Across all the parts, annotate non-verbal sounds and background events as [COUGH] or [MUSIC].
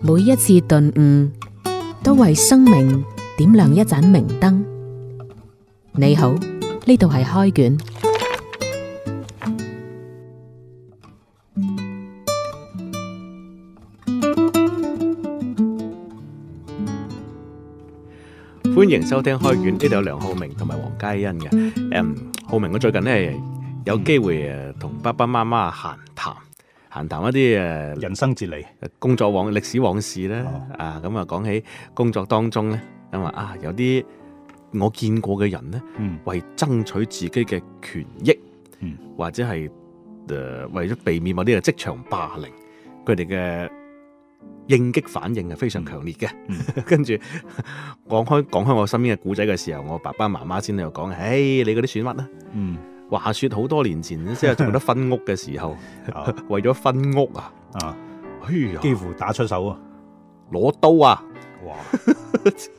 每一次頓悟，都為生命點亮一盞明燈。你好，呢度係開卷，歡迎收聽開卷。呢度有梁浩明同埋黃佳欣嘅。嗯、um,，浩明，我最近呢有機會誒同爸爸媽媽閒談。談談一啲誒人生哲理、工作往歷史往事咧啊，咁啊，講起工作當中咧咁啊，啊有啲我見過嘅人咧，嗯、為爭取自己嘅權益，嗯、或者係誒、呃、為咗避免某啲嘅職場霸凌，佢哋嘅應激反應係非常強烈嘅。跟住講開講開我身邊嘅古仔嘅時候，我爸爸媽媽先嚟講啊，唉、hey，你嗰啲損失啦，嗯。話說好多年前，即係做得分屋嘅時候，為咗分屋啊，啊，幾乎打出手啊，攞刀啊，哇！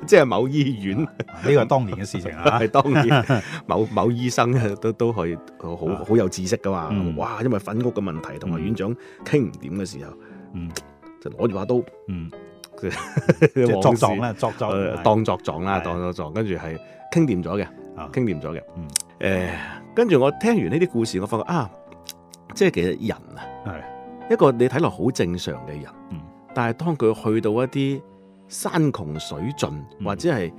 即係某醫院呢個係當年嘅事情，係當年某某醫生都都可以好好有知識噶嘛，哇！因為分屋嘅問題，同埋院長傾唔掂嘅時候，嗯，就攞住把刀，嗯，即係作狀啦，作狀，當作狀啦，當作狀，跟住係傾掂咗嘅，傾掂咗嘅，誒。跟住我聽完呢啲故事，我發覺啊，即係其實人啊，係是一個你睇落好正常嘅人，嗯、但係當佢去到一啲山窮水盡、嗯、或者係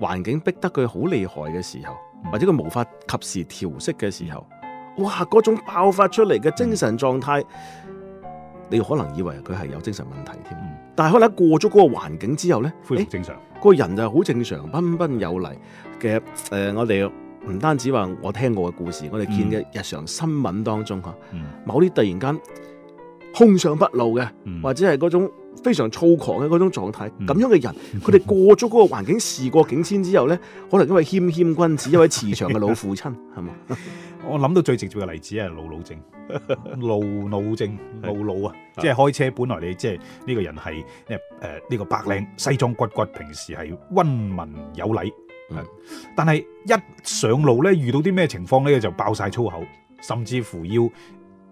環境逼得佢好厲害嘅時候，嗯、或者佢無法及時調息嘅時候，哇，嗰種爆發出嚟嘅精神狀態，嗯、你可能以為佢係有精神問題添，嗯、但係可能過咗嗰個環境之後呢，恢復正常，嗰、欸、個人就好正常，彬彬有禮嘅、呃，我哋。唔單止話我聽過嘅故事，我哋見嘅日常新聞當中，吓、嗯、某啲突然間，空上不路嘅，嗯、或者係嗰種非常躁狂嘅嗰種狀態，咁、嗯、樣嘅人，佢哋過咗嗰個環境，事過境遷之後咧，可能因為謙謙君子，一位慈祥嘅老父親，係嘛 [LAUGHS] 吧？我諗到最直接嘅例子係路怒症，路怒症，路怒啊！即係是開車本來你即係呢個人係誒誒呢個白領西裝骨骨，平時係温文有禮。嗯、但係一上路咧，遇到啲咩情況咧，就爆晒粗口，甚至乎要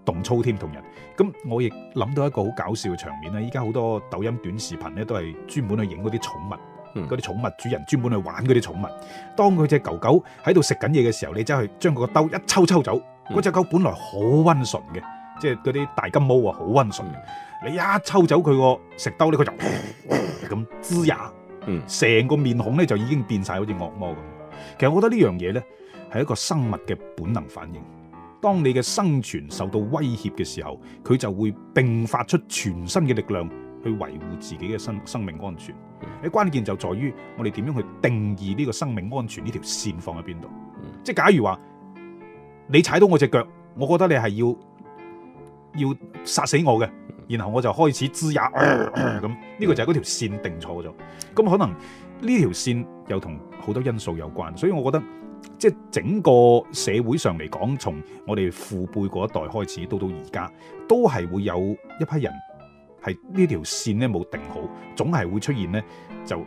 動粗添同人。咁我亦諗到一個好搞笑嘅場面咧。依家好多抖音短視頻咧，都係專門去影嗰啲寵物，嗰啲、嗯、寵物主人專門去玩嗰啲寵物。當佢隻狗狗喺度食緊嘢嘅時候，你真係將佢個兜一抽一抽走，嗰隻、嗯、狗本來好温順嘅，即係嗰啲大金毛啊，好温順。你一抽走佢個食兜咧，佢就咁滋呀～嗯，成個面孔咧就已經變晒，好似惡魔咁。其實我覺得呢樣嘢呢，係一個生物嘅本能反應。當你嘅生存受到威脅嘅時候，佢就會迸發出全身嘅力量去維護自己嘅生生命安全。你關鍵就在於我哋點樣去定義呢個生命安全呢條線放喺邊度。即係假如話你踩到我隻腳，我覺得你係要要殺死我嘅。然後我就開始吱呀咁，呢、呃呃呢個就係嗰條線定錯咗。咁可能呢條線又同好多因素有關，所以我覺得即係整個社會上嚟講，從我哋父輩嗰一代開始，到到而家，都係會有一批人係呢條線咧冇定好，總係會出現呢，就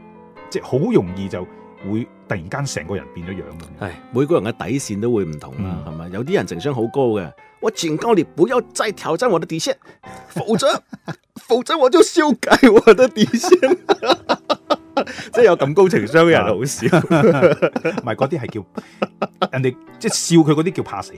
即好、就係、容易就會突然間成個人變咗樣咁。係每個人嘅底線都會唔同啦，係咪、嗯？有啲人情商好高嘅。我警告你，不要再挑戰我的底線，否則 [LAUGHS] 否則我就修改我的底線。即係有咁高情商嘅人好、就是、笑，唔係嗰啲係叫人哋即係笑佢嗰啲叫怕死。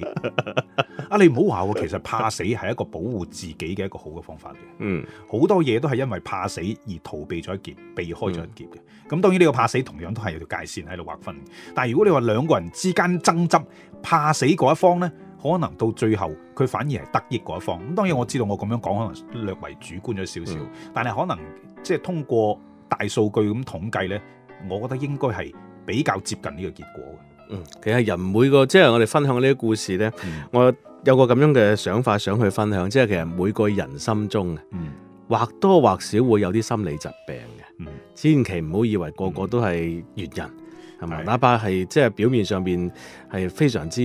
啊， [LAUGHS] 你唔好話，其實怕死係一個保護自己嘅一個好嘅方法嚟。嗯，好多嘢都係因為怕死而逃避咗一劫，避開咗一劫嘅。咁、嗯、當然呢個怕死同樣都係有條界線喺度劃分。但係如果你話兩個人之間爭執，怕死嗰一方咧。可能到最後佢反而係得益嗰一方。咁當然我知道我咁樣講可能略為主觀咗少少，嗯、但係可能即係通過大數據咁統計咧，我覺得應該係比較接近呢個結果嘅。嗯，其實人每個即係我哋分享呢啲故事咧，嗯、我有個咁樣嘅想法想去分享，即係其實每個人心中，嗯、或多或少會有啲心理疾病嘅。嗯、千祈唔好以為個個個都係完人，係咪、嗯？哪怕係即係表面上邊係非常之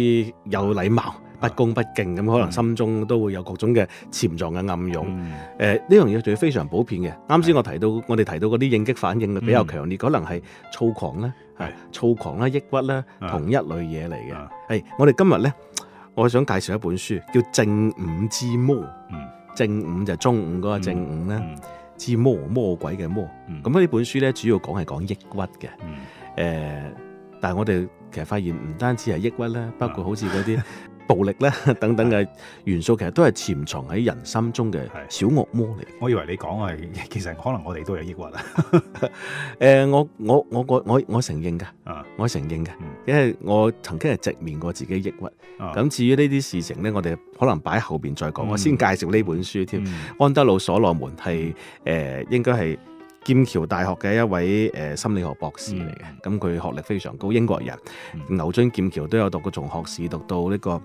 有禮貌。不恭不敬咁，可能心中都會有各種嘅潛藏嘅暗湧。誒，呢樣嘢仲要非常普遍嘅。啱先我提到，我哋提到嗰啲應激反應比較強烈，可能係躁狂啦，係躁狂啦、抑鬱啦，同一類嘢嚟嘅。係，我哋今日咧，我想介紹一本書，叫《正午之魔》。正午》就係中午嗰個《正午》咧，之魔魔鬼嘅魔。咁呢本書咧，主要講係講抑鬱嘅。誒，但係我哋其實發現唔單止係抑鬱咧，包括好似嗰啲暴力咧等等嘅元素，是其實都係潛藏喺人心中嘅小惡魔嚟。我以為你講係其實可能我哋都有抑鬱啊。誒 [LAUGHS] 呃，我我我個我我承認㗎，我承認㗎，因為我曾經係直面過自己抑鬱。咁、啊、至於呢啲事情咧，我哋可能擺喺後邊再講。嗯、我先介紹呢本書添，嗯、安德魯·所羅門係、呃、誒應該係。劍橋大學嘅一位誒、呃、心理學博士嚟嘅，咁佢、嗯、學歷非常高，英國人，嗯、牛津劍橋都有讀過，從學士讀到呢個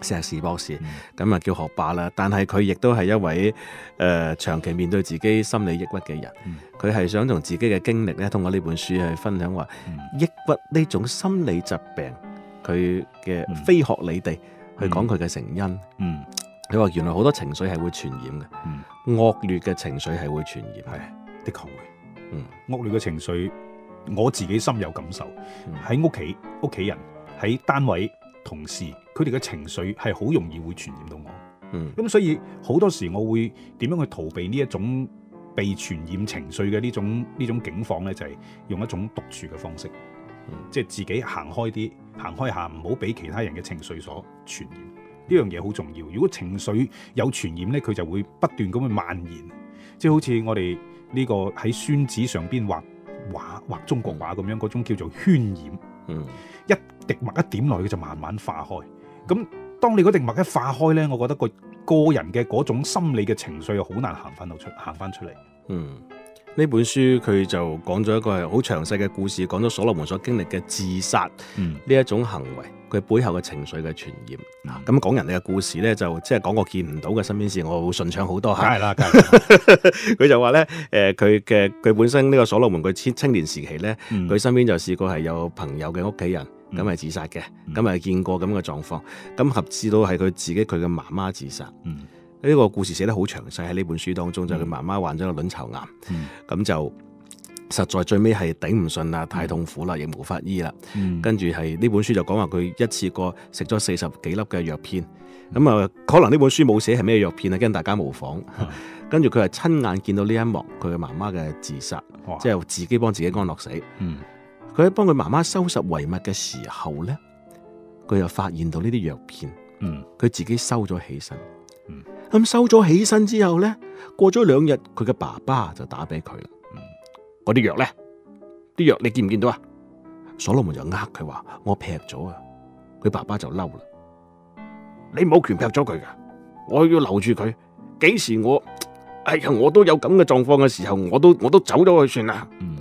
碩士博士，咁啊、嗯、叫學霸啦。但係佢亦都係一位誒、呃、長期面對自己心理抑鬱嘅人，佢係、嗯、想同自己嘅經歷咧，通過呢本書去分享話、嗯、抑鬱呢種心理疾病佢嘅非學理地去講佢嘅成因。嗯，佢、嗯、話原來好多情緒係會傳染嘅，嗯、惡劣嘅情緒係會傳染係。嗯的確嘅，嗯，惡劣嘅情緒，我自己深有感受。喺屋企，屋企人喺單位同事，佢哋嘅情緒係好容易會傳染到我，嗯。咁所以好多時我會點樣去逃避呢一種被傳染情緒嘅呢種呢種境況呢，就係、是、用一種獨處嘅方式，即係、嗯、自己行開啲，行開下，唔好俾其他人嘅情緒所傳染。呢樣嘢好重要。如果情緒有傳染呢，佢就會不斷咁去蔓延，即、就、係、是、好似我哋。呢個喺宣紙上邊畫畫畫中國畫咁樣，嗰種叫做渲染。嗯，一滴墨一點落去，就慢慢化開。咁當你嗰滴墨一化開呢，我覺得個個人嘅嗰種心理嘅情緒又好難行翻到出行翻出嚟。嗯。呢本書佢就講咗一個係好詳細嘅故事，講咗所羅門所經歷嘅自殺呢、嗯、一種行為，佢背後嘅情緒嘅傳染。咁、嗯、講人哋嘅故事呢，就即係講我見唔到嘅身邊事，我會順暢好多吓。係啦，佢 [LAUGHS] 就話呢，誒、呃，佢嘅佢本身呢個所羅門佢青青年時期呢，佢、嗯、身邊就試過係有朋友嘅屋企人咁係、嗯、自殺嘅，咁係、嗯、見過咁嘅狀況，咁合致到係佢自己佢嘅媽媽自殺。嗯呢個故事寫得好詳細喺呢本書當中，就佢、是、媽媽患咗個卵巢癌，咁、嗯、就實在最尾係頂唔順啦，嗯、太痛苦啦，亦冇法醫啦。嗯、跟住係呢本書就講話佢一次過食咗四十幾粒嘅藥片，咁啊、嗯、可能呢本書冇寫係咩藥片啊，驚大家模仿。嗯、跟住佢係親眼見到呢一幕，佢嘅媽媽嘅自殺，即係哇自己幫自己安樂死。佢喺、嗯、幫佢媽媽收拾遺物嘅時候呢，佢又發現到呢啲藥片，佢、嗯、自己收咗起身，嗯咁收咗起身之後咧，過咗兩日，佢嘅爸爸就打俾佢啦。嗯，嗰啲藥咧，啲藥你見唔見到啊？所羅門就呃佢話我劈咗啊，佢爸爸就嬲啦。你冇權劈咗佢噶，我要留住佢。幾時我哎呀，我都有咁嘅狀況嘅時候，我都我都走咗去算啦。嗯，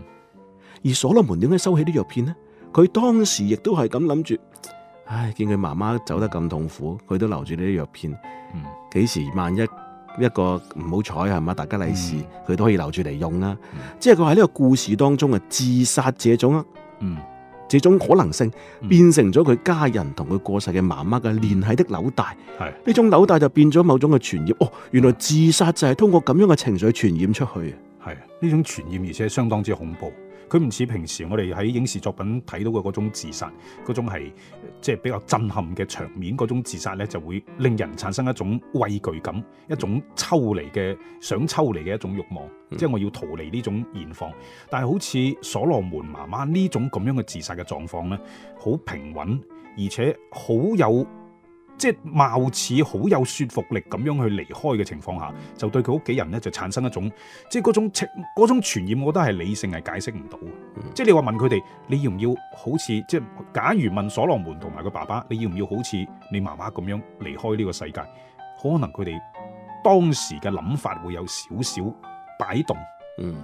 而所羅門點解收起啲藥片呢？佢當時亦都係咁諗住。唉，見佢媽媽走得咁痛苦，佢都留住呢啲藥片。嗯，幾時萬一一個唔好彩係嘛，大吉利是，佢、嗯、都可以留住嚟用啦、啊。嗯、即係佢喺呢個故事當中啊，自殺這種啊，嗯、這種可能性、嗯、變成咗佢家人同佢過世嘅媽媽嘅聯繫的紐帶。係呢是種紐帶就變咗某種嘅傳染。哦，原來自殺就係通過咁樣嘅情緒傳染出去。係呢種傳染，而且相當之恐怖。佢唔似平時我哋喺影視作品睇到嘅嗰種自殺，嗰種係即係比較震撼嘅場面，嗰種自殺呢，就會令人產生一種畏懼感，一種抽離嘅想抽離嘅一種慾望，嗯、即係我要逃離呢種現況。但係好似所羅門媽媽呢種咁樣嘅自殺嘅狀況呢，好平穩，而且好有，即貌似好有說服力咁樣去離開嘅情況下，就對佢屋企人呢，就產生一種即係嗰種情嗰種傳染，我覺得係理性係解釋唔到。即係你話問佢哋，你要唔要好似即係假如問所羅門同埋佢爸爸，你要唔要好似你媽媽咁樣離開呢個世界？可能佢哋當時嘅諗法會有少少擺動，嗯、mm，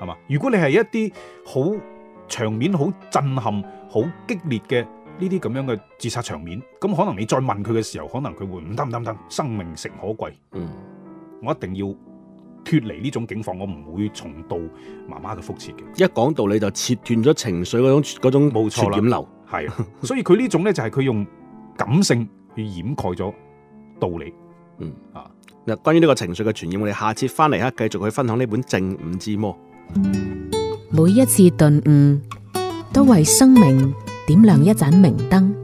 係、hmm. 嘛？如果你係一啲好場面、好震撼、好激烈嘅。呢啲咁樣嘅自殺場面，咁可能你再問佢嘅時候，可能佢會唔得唔得唔得，生命誠可貴，嗯，我一定要脫離呢種境況，我唔會重蹈媽媽嘅覆轍嘅。一講道理就切斷咗情緒嗰種嗰種傳染流，冇錯啦，係，所以佢呢種咧就係佢用感性去掩蓋咗道理，嗯啊。嗱，關於呢個情緒嘅傳染，我哋下次翻嚟啊，繼續去分享呢本《正午之魔》。每一次頓悟都為生命點亮一盞明燈。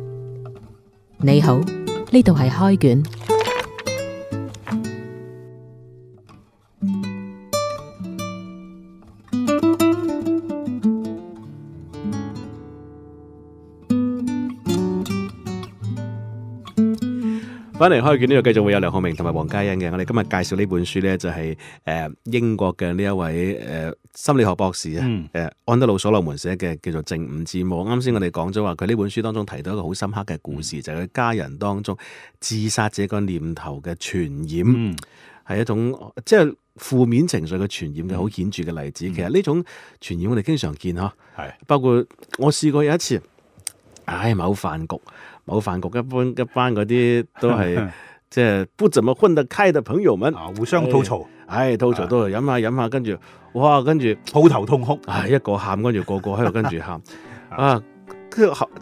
你好，呢度係開卷。翻嚟開卷呢度繼續會有梁浩明同埋黃嘉欣嘅，我哋今日介紹呢本書咧就係、是、誒、呃、英國嘅呢一位誒、呃、心理學博士啊，誒、嗯呃、安德魯所羅門寫嘅叫做《正午之魔》。啱先我哋講咗話，佢呢本書當中提到一個好深刻嘅故事，嗯、就係佢家人當中自殺者個念頭嘅傳染，係、嗯、一種即係、就是、負面情緒嘅傳染嘅好、嗯、顯著嘅例子。其實呢種傳染我哋經常見嗬，係、嗯啊、包括我試過有一次，唉，某飯局。某飯局一般一班嗰啲都係即係不怎麼混得開的朋友們，互相吐槽，唉，吐槽，都係飲下飲下，跟住，哇，跟住抱頭痛哭，唉，一個喊，跟住個個喺度跟住喊，啊，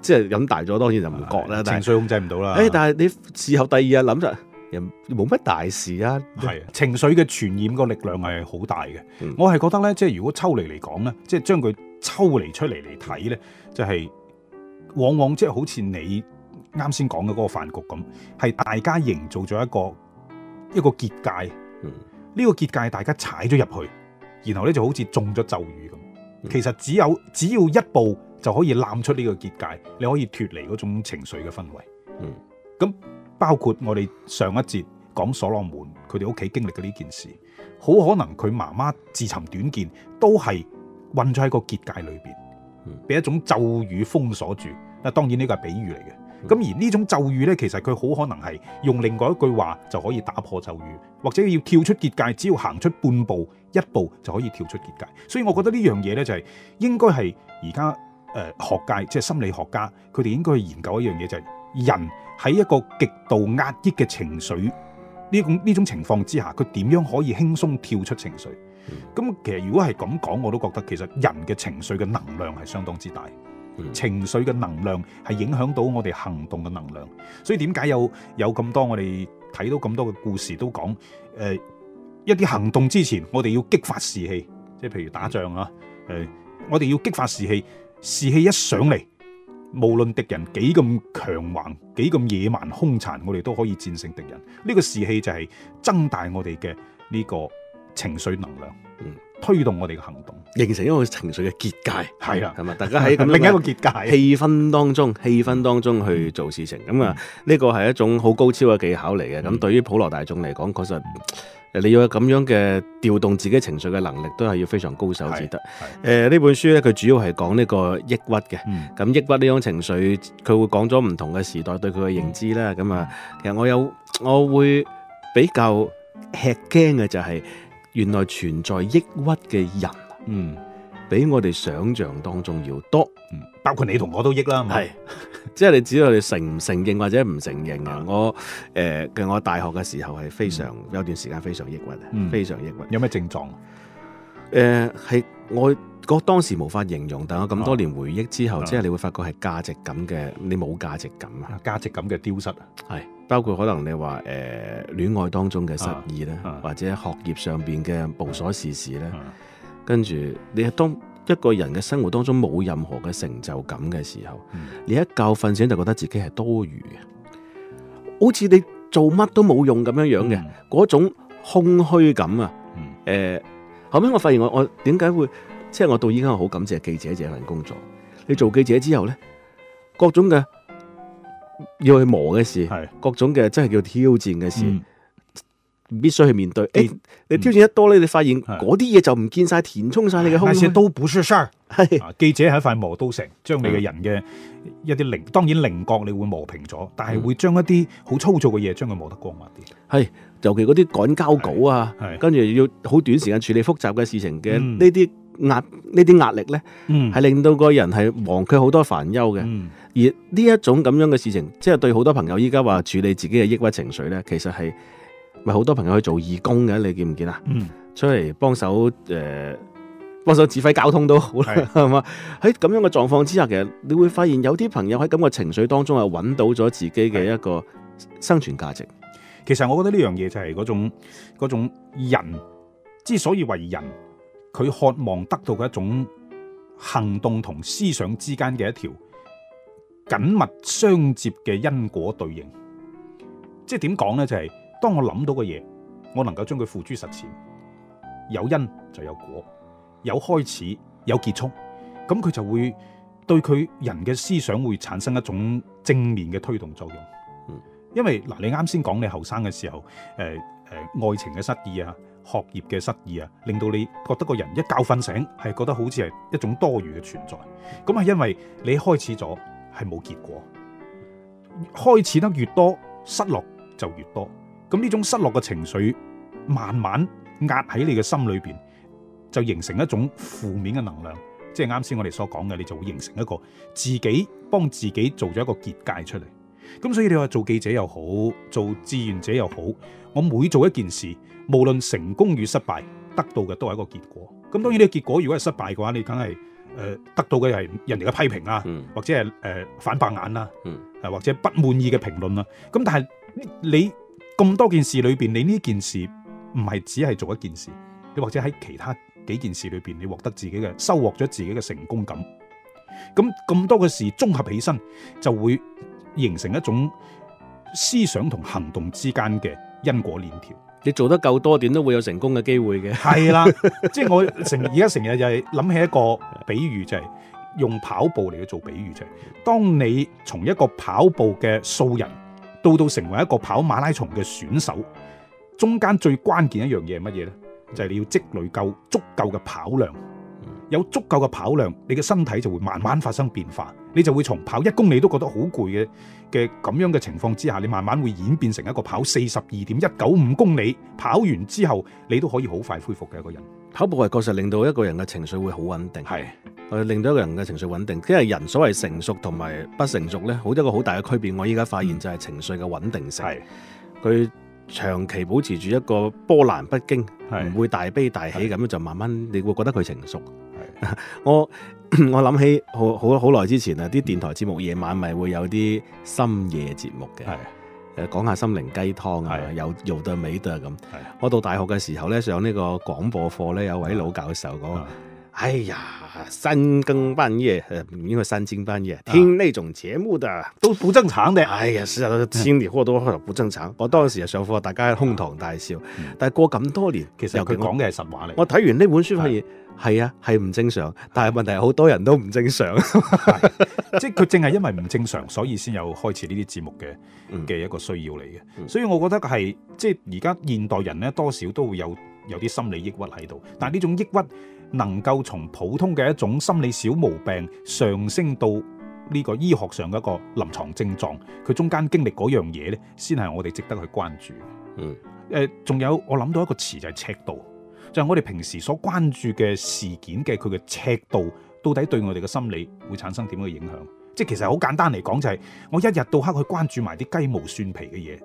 即係飲大咗，當然就唔覺啦，情緒控制唔到啦，誒，但係你事後第二日諗就，又冇乜大事啊，係情緒嘅傳染個力量係好大嘅，我係覺得咧，即係如果抽離嚟講咧，即係將佢抽離出嚟嚟睇咧，就係往往即係好似你。啱先講嘅嗰個飯局咁，係大家營造咗一個一個結界，呢、嗯、個結界大家踩咗入去，然後咧就好似中咗咒語咁。嗯、其實只有只要一步就可以攬出呢個結界，你可以脫離嗰種情緒嘅氛圍。咁、嗯、包括我哋上一節講所羅門佢哋屋企經歷嘅呢件事，好可能佢媽媽自尋短見，都係困咗喺個結界裏邊，被一種咒語封鎖住。當然呢個係比喻嚟嘅，咁而呢種咒語呢，其實佢好可能係用另外一句話就可以打破咒語，或者要跳出結界，只要行出半步、一步就可以跳出結界。所以，我覺得呢樣嘢呢，就係應該係而家誒學界，即係心理學家，佢哋應該去研究一樣嘢，就係人喺一個極度壓抑嘅情緒呢種呢種情況之下，佢點樣可以輕鬆跳出情緒？咁其實如果係咁講，我都覺得其實人嘅情緒嘅能量係相當之大。情緒嘅能量係影響到我哋行動嘅能量，所以點解有有咁多我哋睇到咁多嘅故事都講，誒、呃、一啲行動之前，我哋要激發士氣，即係譬如打仗啊，誒、嗯、我哋要激發士氣，士氣一上嚟，無論敵人幾咁強橫、幾咁野蠻兇殘，我哋都可以戰勝敵人。呢、這個士氣就係增大我哋嘅呢個情緒能量。嗯。推動我哋嘅行動，形成一個情緒嘅結界，係啦、啊，咁啊，大家喺咁另一個結界氣氛當中，氣氛當中去做事情，咁啊、嗯，呢、這個係一種好高超嘅技巧嚟嘅。咁、嗯、對於普羅大眾嚟講，確實你要有咁樣嘅調動自己情緒嘅能力，都係要非常高手至得。誒，呢、呃、本書咧，佢主要係講呢個抑鬱嘅，咁、嗯、抑鬱呢種情緒，佢會講咗唔同嘅時代對佢嘅認知啦。咁啊、嗯，其實我有，我會比較吃驚嘅就係、是。原來存在抑鬱嘅人，嗯，比我哋想象當中要多，嗯，包括你同我都抑啦，係，即係你只要你承唔承認或者唔承認嘅，我誒，我大學嘅時候係非常有段時間非常抑鬱，非常抑鬱，有咩症狀？誒，係我嗰當時無法形容，但我咁多年回憶之後，即係你會發覺係價值感嘅，你冇價值感啊，價值感嘅丟失，係。包括可能你話誒戀愛當中嘅失意咧，啊啊、或者學業上邊嘅無所事事咧，啊啊、跟住你係當一個人嘅生活當中冇任何嘅成就感嘅時候，嗯、你一覺瞓醒就覺得自己係多餘嘅，嗯、好似你做乜都冇用咁樣樣嘅嗰種空虛感啊！誒、嗯呃，後尾我發現我我點解會，即、就、係、是、我到依家我好感謝記者這份工作。你做記者之後咧，各種嘅。要去磨嘅事，係各種嘅真係叫挑戰嘅事，必須去面對。誒，你挑戰一多咧，你發現嗰啲嘢就唔見晒，填充晒你嘅空。都唔出事，記者係一塊磨刀石，將你嘅人嘅一啲稜，當然稜角你會磨平咗，但係會將一啲好粗糙嘅嘢，將佢磨得光滑啲。係，尤其嗰啲趕交稿啊，跟住要好短時間處理複雜嘅事情嘅呢啲。壓呢啲壓力咧，係、嗯、令到個人係忘卻好多煩憂嘅。嗯、而呢一種咁樣嘅事情，即係對好多朋友依家話處理自己嘅抑鬱情緒咧，其實係咪好多朋友去做義工嘅？你見唔見啊？嗯，出嚟幫手誒，幫手、呃、指揮交通都好啦，係嘛是？喺咁樣嘅狀況之下，其實你會發現有啲朋友喺咁嘅情緒當中係，搵到咗自己嘅一個生存價值。其實我覺得呢樣嘢就係嗰種嗰種人之所以為人，佢渴望得到嘅一種行動同思想之間嘅一條緊密相接嘅因果對應，即係點講呢？就係、是、當我諗到個嘢，我能夠將佢付諸實踐，有因就有果，有開始有結束，咁佢就會對佢人嘅思想會產生一種正面嘅推動作用。嗯、因為嗱，你啱先講你後生嘅時候，誒、呃、誒、呃，愛情嘅失意啊。學業嘅失意啊，令到你覺得個人一覺瞓醒係覺得好似係一種多餘嘅存在，咁係因為你開始咗係冇結果，開始得越多，失落就越多。咁呢種失落嘅情緒慢慢壓喺你嘅心裏邊，就形成一種負面嘅能量，即係啱先我哋所講嘅，你就會形成一個自己幫自己做咗一個結界出嚟。咁所以你話做記者又好，做志願者又好，我每做一件事，無論成功與失敗，得到嘅都係一個結果。咁當然呢個結果如果係失敗嘅話，你梗係誒得到嘅係人哋嘅批評啦，嗯、或者係誒、呃、反白眼啦，嗯、或者不滿意嘅評論啊。咁但係你咁多件事裏邊，你呢件事唔係只係做一件事，你或者喺其他幾件事裏邊，你獲得自己嘅收穫咗自己嘅成功感。咁咁多嘅事綜合起身就會。形成一種思想同行動之間嘅因果鏈條，你做得夠多，點都會有成功嘅機會嘅。係啦， [LAUGHS] 即係我成而家成日就係諗起一個比喻，就係用跑步嚟去做比喻，就係當你從一個跑步嘅素人到到成為一個跑馬拉松嘅選手，中間最關鍵一樣嘢係乜嘢呢？就係你要積累夠足夠嘅跑量。有足夠嘅跑量，你嘅身體就會慢慢發生變化，你就會從跑一公里都覺得好攰嘅嘅咁樣嘅情況之下，你慢慢會演變成一個跑四十二點一九五公里，跑完之後你都可以好快恢復嘅一個人。跑步係確實令到一個人嘅情緒會好穩定，係是令到一個人嘅情緒穩定。因為人所謂成熟同埋不成熟呢，好一個好大嘅區別。我依家發現就係情緒嘅穩定性，佢是長期保持住一個波瀾不驚，唔是會大悲大喜咁樣是就慢慢，你會覺得佢成熟。 [LAUGHS] 我我諗起好好好耐之前啊，啲電台節目夜晚咪會有啲深夜節目嘅，係誒講下心靈雞湯啊，啊有「由到美都咁。啊、我到大學嘅時候咧，上呢個廣播課咧，有一位老教授講：，啊、哎呀，三更半夜，唔應該三更半夜聽呢種節目嘅，啊、都不正常的。哎呀，是，都是啊，心理或多或少不正常。我當時上課，大家哄堂大笑。啊、但係過咁多年，其實佢講嘅係實話嚟。我睇完呢本書發現。係啊，係唔正常，但係問題係好多人都唔正常， [LAUGHS] 是即係佢正係因為唔正常，所以先有開始呢啲節目嘅嘅一個需要嚟嘅。嗯嗯、所以我覺得係即係而家現代人咧，多少都會有有啲心理抑鬱喺度。但係呢種抑鬱能夠從普通嘅一種心理小毛病上升到呢個醫學上嘅一個臨床症狀，佢中間經歷嗰樣嘢咧，先係我哋值得去關注。嗯，誒、呃，仲有我諗到一個詞就係尺度。就係我哋平時所關注嘅事件嘅佢嘅尺度，到底對我哋嘅心理會產生點樣嘅影響？即係其實好簡單嚟講，就係、是、我一日到黑去關注埋啲雞毛蒜皮嘅嘢，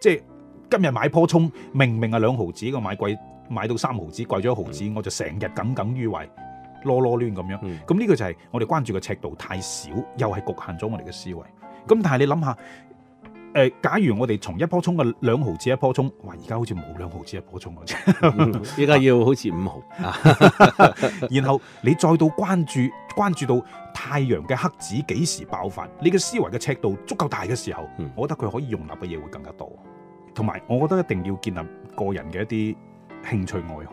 即係今日買棵葱，明明係兩毫紙，我買貴買到三毫紙，貴咗一毫紙，我就成日耿耿於懷，囉囉攣咁樣。咁呢個就係我哋關注嘅尺度太少，又係局限咗我哋嘅思維。咁但係你諗下。誒，假如我哋從一樖葱嘅兩毫紙一樖葱，哇！而家好似冇兩毫紙一樖葱嘅啫，依家要好似五毫。 [LAUGHS] 然後你再到關注關注到太陽嘅黑子幾時爆發，你嘅思維嘅尺度足夠大嘅時候，我覺得佢可以容納嘅嘢會更加多。同埋，我覺得一定要建立個人嘅一啲興趣愛好，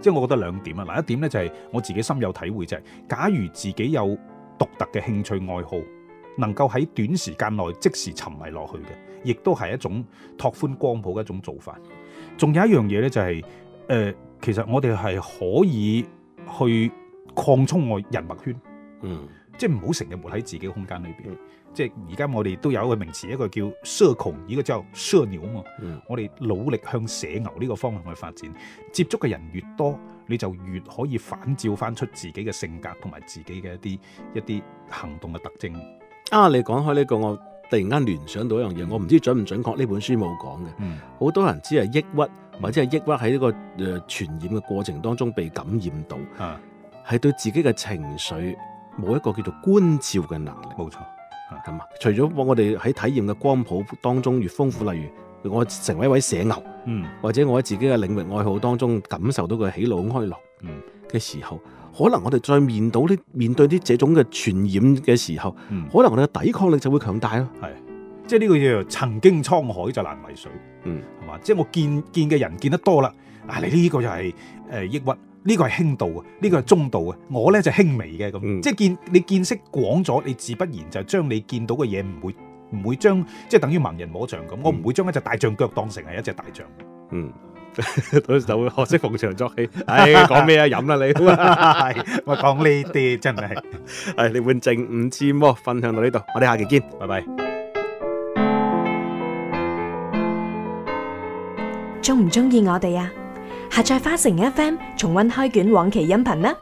即係我覺得兩點啊。嗱，一點呢，就係我自己深有體會，就係假如自己有獨特嘅興趣愛好。能夠喺短時間內即時沉迷落去嘅，亦都係一種拓寬光譜嘅一種做法。仲有一樣嘢咧，就係誒，其實我哋係可以去擴充我人脈圈，嗯，即係唔好成日活喺自己空間裏邊。嗯、即係而家我哋都有一個名詞，一個叫社恐，依、呢個就社牛啊嘛。嗯、我哋努力向社牛呢個方向去發展，接觸嘅人越多，你就越可以反照翻出自己嘅性格同埋自己嘅一啲一啲行動嘅特徵。啊！你講開呢、這個，我突然間聯想到一樣嘢，我唔知準唔準確，呢本書冇講嘅。好、嗯、多人只係抑鬱或者係抑鬱喺呢個誒、呃、傳染嘅過程當中被感染到。啊，係對自己嘅情緒冇一個叫做觀照嘅能力。冇錯，係、啊、嘛？除咗我哋喺體驗嘅光譜當中越豐富，嗯、例如我成為一位社牛，嗯，或者我喺自己嘅領域愛好當中感受到佢喜怒哀樂，嘅、嗯、時候。可能我哋再面到啲面對啲這種嘅傳染嘅時候，嗯、可能我哋嘅抵抗力就會強大咯。係，即係呢個叫曾經滄海就難為水，嗯，係嘛？即係我見見嘅人見得多啦，啊，你呢個就係、是、誒、呃、抑鬱，呢、這個係輕度啊，呢、這個係中度啊，我咧就輕、是、微嘅咁。嗯、即係見你見識廣咗，你自不然就將你見到嘅嘢唔會唔會將即係等於盲人摸象咁，嗯、我唔會將一隻大象腳當成係一隻大象。嗯。到時就會學識逢場作戲，哎，講咩啊？飲啦你，我講呢啲真係，係你換靜五千魔。分享到呢度，我哋下期見，拜拜。中唔中意我哋啊？下載花城 FM，重溫開卷往期音頻啦。